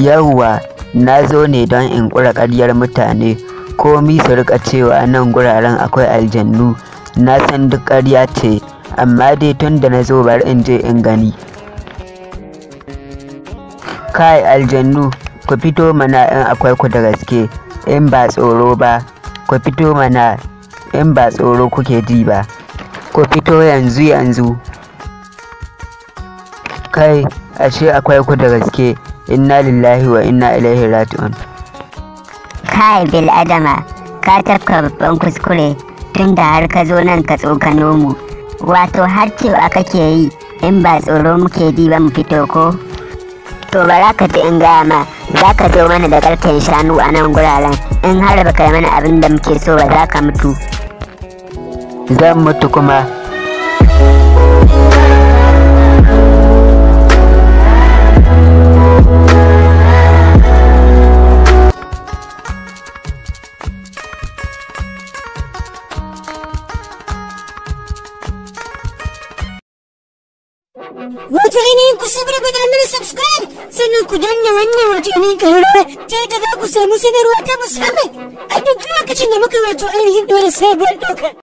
yawwa na zo ne don in ƙura ƙaryar mutane komi su rika cewa nan guraren akwai aljannu na san duk ƙarya ce amma dai tun da na zo bar in je in gani kai aljannu ku fito mana in akwai ku da gaske in ba tsoro ba ku fito mana in ba tsoro kuke ji ba ku fito yanzu yanzu kai ashe akwai ku da gaske inna lillahi wa inna ilaihi raji'un kai bil adama ka tafka babban kuskure tun da har ka zo nan ka tsokano mu wato har cewa kake yi in ba tsoro muke ji ba mu fito ko to za ka in gaya ma za ka zo mana da kartan shanu a nan guraren in har ba kai mana abin da muke so ba za ka mutu zan mutu kuma Would you like to subscribe? ku danna wannan watanni ƙararrawa ta yadda za ku samu sanarwa ta musamman a duk lokacin da muka ainihin